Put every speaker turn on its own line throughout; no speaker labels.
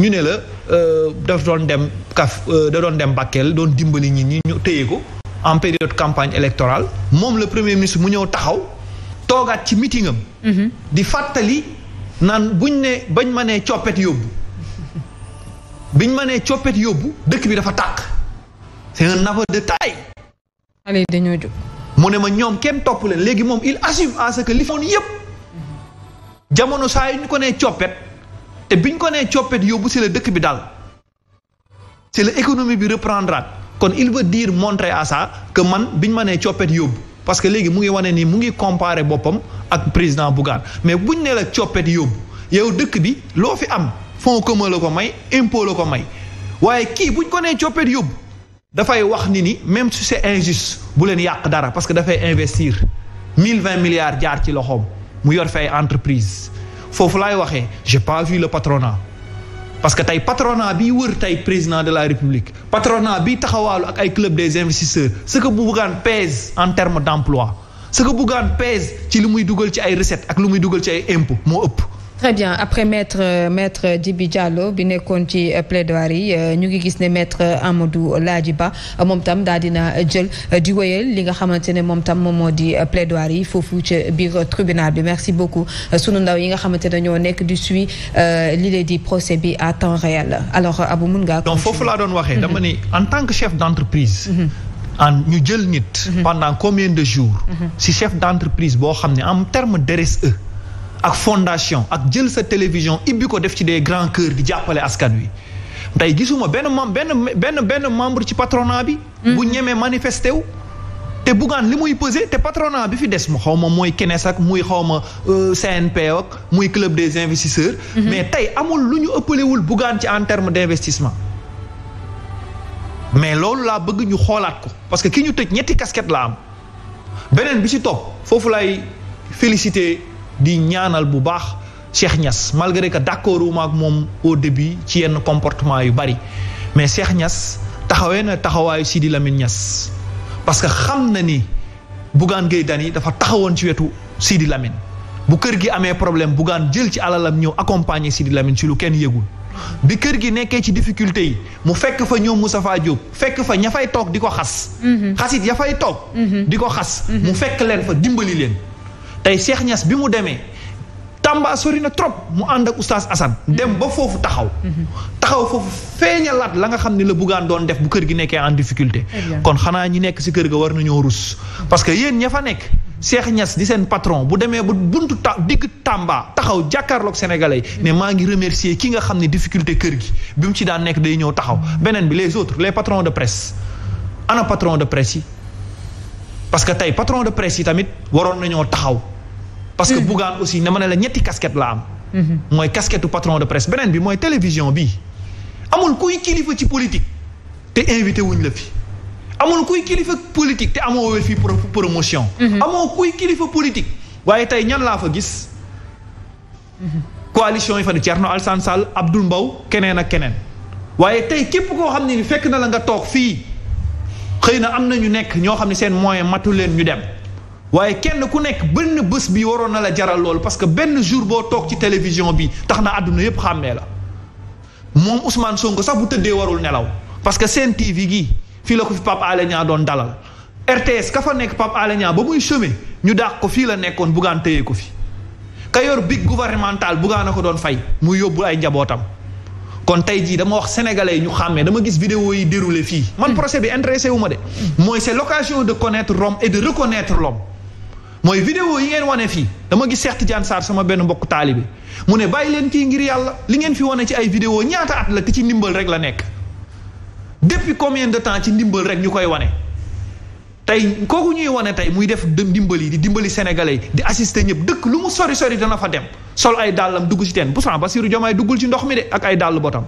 ñu ne la euh, daf doon dem kaf euh, da doon dem Bakel doon dimbali ñi ñi ñu téye ko en période campagne électorale moom le premier ministre mu ñëw taxaw toogaat ci meeting mhm. di fàttali naan buñ ne bañ ma nee coppet yóbbu biñ ma nee coppet dëkk bi dafa tàkk c'est un de taille. xale yi dañoo jóg. mu ne ma ñoom kenn topp leen léegi moom il assume à ce que li foon yépp jamono saa yu ñu ko nee coppet te biñ ko nee coppet yóbbu si la dëkk bi daal si la économie bi reprendraat kon il veut dire montrer à ça que man biñ ma nee coppet yóbbu parce que léegi mu ngi wane nii mu ngi comparer boppam ak président Bougane mais buñ ne la coppet yóbbu yow dëkk bi loo fi am fonds commun la ko may impôt la ko may waaye kii buñ ko nee coppet yóbbu dafay wax ni ni même si c'est injuste bu leen yàq dara parce que dafay investir mille vingt milliards jaar ci loxoom mu yor fay entreprise foofu lay waxee je pas vu le patronat parce que tey patronat bi wër tey président de la république patronat bi taxawaalu ak ay club des investisseurs ce que Bougane pèse en terme d'emploi ce que Bougane pèse ci li muy dugal ci ay recettes ak lu muy dugal ci ay impôts moo ëpp très bien après maître maître bi Diallo bi nekkoon ci euh, plaidoirie yi euh, ñu ngi gis ne maître euh, Amadou Laaji Ba moom tam daa dina jël di wéyal li nga xamante ne moom tam moom moo di plaidoirie yi foofu ci biir tribunal bi merci beaucoup sunu ndaw yi nga xamante ne ñoo nekk di suivi li lay di procès bi à temps réel alors Abou mun ngaa. donc foofu laa doon waxee. dama mhm. ni en tant que chef d'entreprise. Mhm. ñu jël nit. Mhm. pendant combien de jours. si chef d'entreprise boo xam ne en terme d'RSE. ak fondation ak jël sa télévision ibbi ko def ci des grands cœurs di jàppale askan wi tey gisuma benn mem benn benn membre ci patronat bi. Mhm. bu ñemee manifesté wu. te buggaan li muy pesé te patronat bi fi des mu xaw ma mooy kenes ak muy xaw ma euh, CNP ak muy club des investisseurs. Mhm. mais tey amul lu ñu ëppalewul buggaan ci en terme d' mais loolu laa bëgg ñu xoolaat ko parce que ki ñu tëj ñetti casquette la am beneen bi si topp foofu lay félicité di ñaanal bu baax Cheikh Niass malgré que d'accord wuma ak moom au début ci yenn comportement yu bari mais Cheikh ñas taxawee na taxawaayu Sidi Lamine Niass parce que xam na ni Bougane Gueye yi dafa taxawoon ci wetu Sidi Lamine bu kër gi amee problème Bougane jël ci alalam ñëw accompagner Sidi Lamine ci lu kenn yëgul bi kër gi nekkee ci difficulté yi mu fekk fa ñëw ñoom Moustapha Diop fekk fa ña fay toog di ko xas mhm. xasit ya fay toog mhm. di ko xas mhm. mu fekk leen fa dimbali leen tey Cheikh Niass bi mu demee Tamba sori na trop mu ànd ak oustaz Assane dem ba foofu taxaw taxaw foofu laat la nga xam ne la buggaan doon def bu kër gi nekkee en difficulté kon xanaa ñi nekk si kër ga war nañoo rus parce que yéen ña fa nekk Cheikh di seen patron bu demee ba buntu ta digg Tamba taxaw jàkkaarloog sénégalais ne maa ngi remercier ki nga xam ne difficulté kër gi bi mu ci daan nekk day ñëw taxaw beneen bi les autres les patron de presse ana patron de presse yi parce que tey patron de presse yi tamit waroon nañoo taxaw parce que hmm. Bougane aussi na ma ne la ñetti casquette la am. Hmm. mooy casquette patron de presse beneen bi mooy télévision bi amul kuy kilifa ci politique te invité wuñ la fi. amul kuy kilifa politique te amoo wér fii promotion. Hmm. amoo kuy kilifa politique. waaye tey ñan laa fa gis. coalition yi fa di Thierno Alassane Sall Abdoul Mbow keneen ak keneen. waaye tey képp koo xam ne ni fekk na la nga toog fii xëy na am na ñu nekk ñoo xam ne seen moyen matu leen ñu dem. waaye kenn ku nekk benn bés bi waroon na la jaral loolu parce que benn jour boo toog ci télévision bi tax na àdduna yépp xàmmee la moom Ousmane Sonko sax bu tëddee warul nelaw parce que seen TV gii fii la ko fi Pape Alé doon dalal RTS ka fa nekk Pape Alé Niang ba muy chômer ñu dàq ko fii la nekkoon buggaan téye ko fi ka yor big gouvernemental buggaan na ko doon fay muy yóbbu ay njabootam kon tey jii dama wax sénégalais yi ñu xàmmee dama gis vidéo yi déroulé fii man hmm. procès bi intéressé wu ma de mooy c'est l'occasion de connaître Rome et de reconnaître mooy vidéo yi ngeen wane fii dama gis Cheikh Tidiane Sarr sama benn mbokk taalibe mu ne bàyyi leen kii ngir yàlla li ngeen fi wane ci ay vidéo ñaata at la te ci ndimbal rek la nekk depuis combien de temps ci ndimbal rek ñu koy wane tey kooku ñuy wane tey muy def ndimbal yi di dimbali sénégalais di assister ñëpp dëkk lu mu sori sori dana fa dem sol ay dàllam dugg ci teen pourtant Bassirou Diomaye duggul ci ndox mi de ak ay dàll botam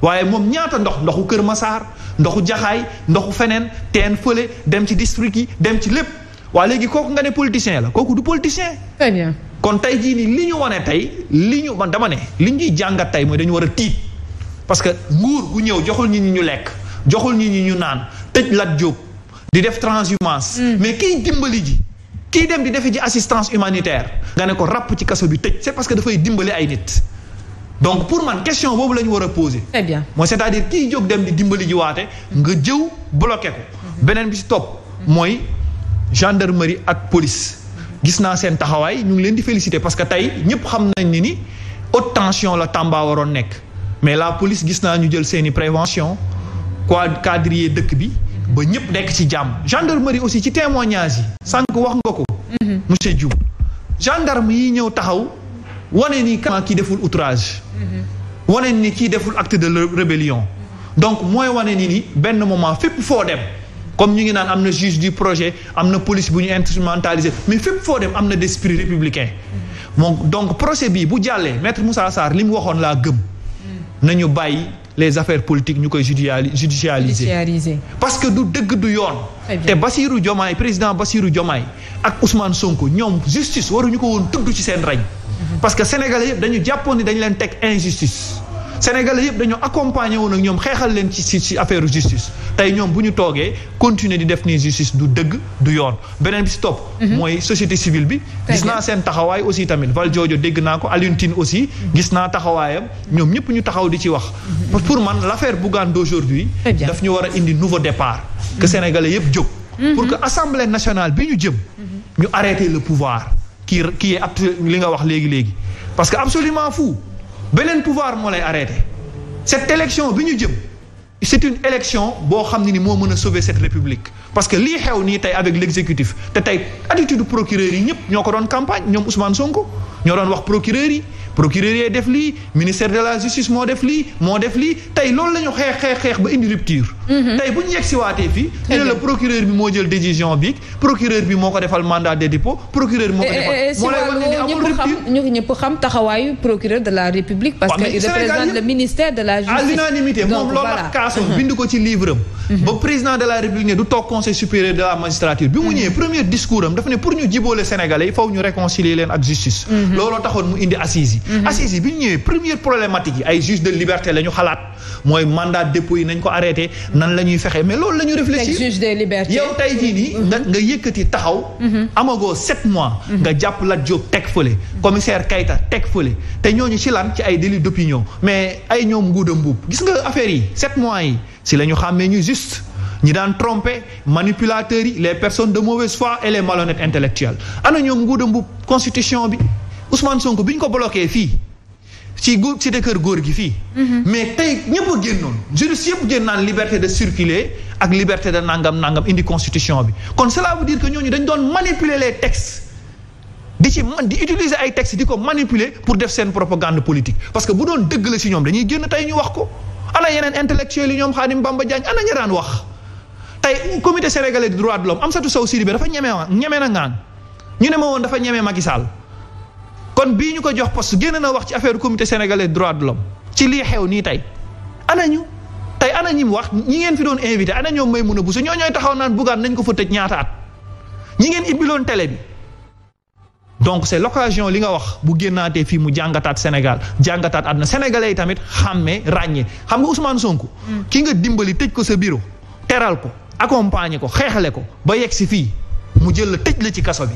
waaye moom ñaata ndox ndoxu Kër Massar ndoxu Jaxaay ndoxu feneen teen fële dem ci district dem ci lépp waa léegi kooku nga ne politicien la kooku du politicien. très bien kon tey jii nii li ñu wane tey li ñu man dama ne li ñuy jàngat tey mooy dañu war a tiit parce que nguur gu ñëw joxul nit ñi ñu lekk joxul nii ñi ñu naan tëj Lat Diop di def transhumance. Mm. mais kiy dimbali ji. kiy dem di defe ji assistance humanitaire. nga ne ko ràpp ci kaso bi tëj c'est parce que dafay dimbali ay nit. donc pour man question boobu la ñu war a poser. très bien mooy c'est-à-dire kiy jóg dem di dimbali ji waate nga jëw bloqué mm-hmm. beneen bi ci topp mooy. gendarmerie ak police gis naa seen taxawaay ñu ngi leen di félicité parce que tey ñëpp xam nañ ni ni haute tension la Tamba waroon nekk mais la police gis naa ñu jël seeni prévention quoi quadriller dëkk bi ba ñëpp nekk ci jàmm gendarmerie aussi ci témoignage yi sànq wax nga ko mhm. monsieur Diouf gendarme yi ñëw taxaw wane ni carrément kii deful outrage mhm. wane ni kii deful acte de rébellion mhm. donc mooy wane ni ni benn moment fépp foo dem comme ñu ngi naan am na juge du projet am na police bu ñu instrumentalisé mais fépp foo dem am na d'esprit républicain moom donc projet bii bu jàllee maître Moussa Sarr li mu waxoon laa gëm nañu bàyyi les affaires politiques ñu koy judicialiser parce que du dëgg du yoon te Bassirou Diomaye président Bassirou Diomaye ak Ousmane Sonko ñoom justice waruñu ko woon tudd ci seen rañ mm-hmm. parce que sénégalais dañu jàppoon ni dañu leen teg injustice sénégalais yëpp dañoo accompagner woon ak ñoom xeexal leen ci si si affaire justice tey ñoom bu ñu toogee continuer di def nii justice du dëgg du yoon beneen bi si topp mhm. mooy société civile bi gis naa seen taxawaay aussi tamit Val Jojo dégg naa ko Alioune aussi mhm. gis naa taxawaayam ñoom ñëpp ñu taxaw di ci wax mhm. pour man l'affaire Bougane d'aujourd'hui daf ñu war a indi nouveau départ que sénégalais yëpp jóg pour que assemblée nationale bi ñu jëm ñu arrêter le pouvoir qui qui est li nga wax léegi-léegi beneen pouvoir moo lay arrêté cette élection bi ñu jëm c'est une élection boo xam ne ni moo mën a sauver cette république parce que lii xew nii tey avec l'exécutif te tey attitude procureur yi ñëpp ñoo ko doon campagne ñoom Ousmane Sonko. ñoo doon wax procureur yi procureur yee def lii ministère de la justice moo def lii moo def lii tey loolu la ñu xeex xeex xeex ba indi rupture. Mhm. tey bu ñu yegg si waatee fii. ñu ne la procureur bi moo jël décision bi procureur bi moo ko defal mandat de dépôt procureur bi moo ko eh, eh, defal. Eh, moo lay wane ni amul rupture ñu ñëpp xam taxawaayu procureur de la république. parce que il représente le ministère de la justice. à l'unanimité moom loolu mhm. bind ko ci livre ba président de la république ne du toog conseil supérieur de la magistrature bi mu ñëwee mm-hmm. premier discours am dafa ne pour ñu jiboole sénégalais yi faw ñu réconcilier leen ak justice mm-hmm. looloo taxoon mu indi assises yi mm-hmm. assises yi bi ñu ñëwee première problématique yi ay juge de liberté la xalaat mooy mandat dépôt nañ ko arrêté nan la ñuy fexe mais loolu la ñu réfléchir juge de liberté yow tey jii nii nga nga yëkkati taxaw amagoo sept mois nga jàpp Lat Diop teg fële commissaire Kayta teg fële te ñooñu ci lan ci ay délit d'opinion mais ay ñoom nguuda mbuub gis nga affaire yi sept mois yi si la ñu xàmmee ñu juste ñi daan tromper manipulateurs yi les personnes de mauvaise foi et les malhonnêtes intellectuels ana ñoom nguuda mbub constitution bi Ousmane Sonko bi ñu ko bloqué fii ci góor ci kër góor gi fii. Mm-hmm. mais tey ñëpp a génnoon juriste yëpp génn naan liberté de circuler ak liberté de nangam nangam indi constitution bi kon cela veut dire que ñooñu dañu doon manipuler les textes di ci man di utiliser ay textes di ko manipule pour def seen propagande politique parce que bu doon dëgg la ci ñoom dañuy génn tey ñu wax ko. ana yeneen intellectuel yi ñoom Xaadim Bamba Diagne ana ña daan wax tey comité sénégalais des droits de l'homme Amsatou Sow Sidibé dafa ñeme wa ñeme na ngaan ñu ne ma woon dafa ñeme Macky Sall kon bii ñu ko jox poste génn na wax ci affaire comité sénégalais des droits de l'homme ci lii xew nii tey ana ñu tey ana ñi wax ñi ngeen fi doon invité ana ñoom may mun a busu ñoo ñooy taxaw naan buggaan nañ ko fa tëj ñaata at ñi ngeen ibbiloon tele bi donc c'est location li nga wax bu génnaatee fii mu jàngataat Sénégal jàngataat àdduna sénégalais yi tamit xàmmee ràññee xam nga Ousmane Sonko. Hmm. ki nga dimbali tëj ko sa bureau. teral ko accompagner ko xeexle ko ba yegg si fii mu jël la tëj la ci kaso bi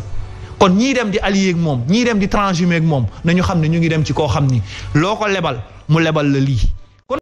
kon ñii dem di allié moom ñii dem di transhumé ak moom ñu xam ne ñu ngi dem ci koo xam ni loo ko lebal mu lebal la lii.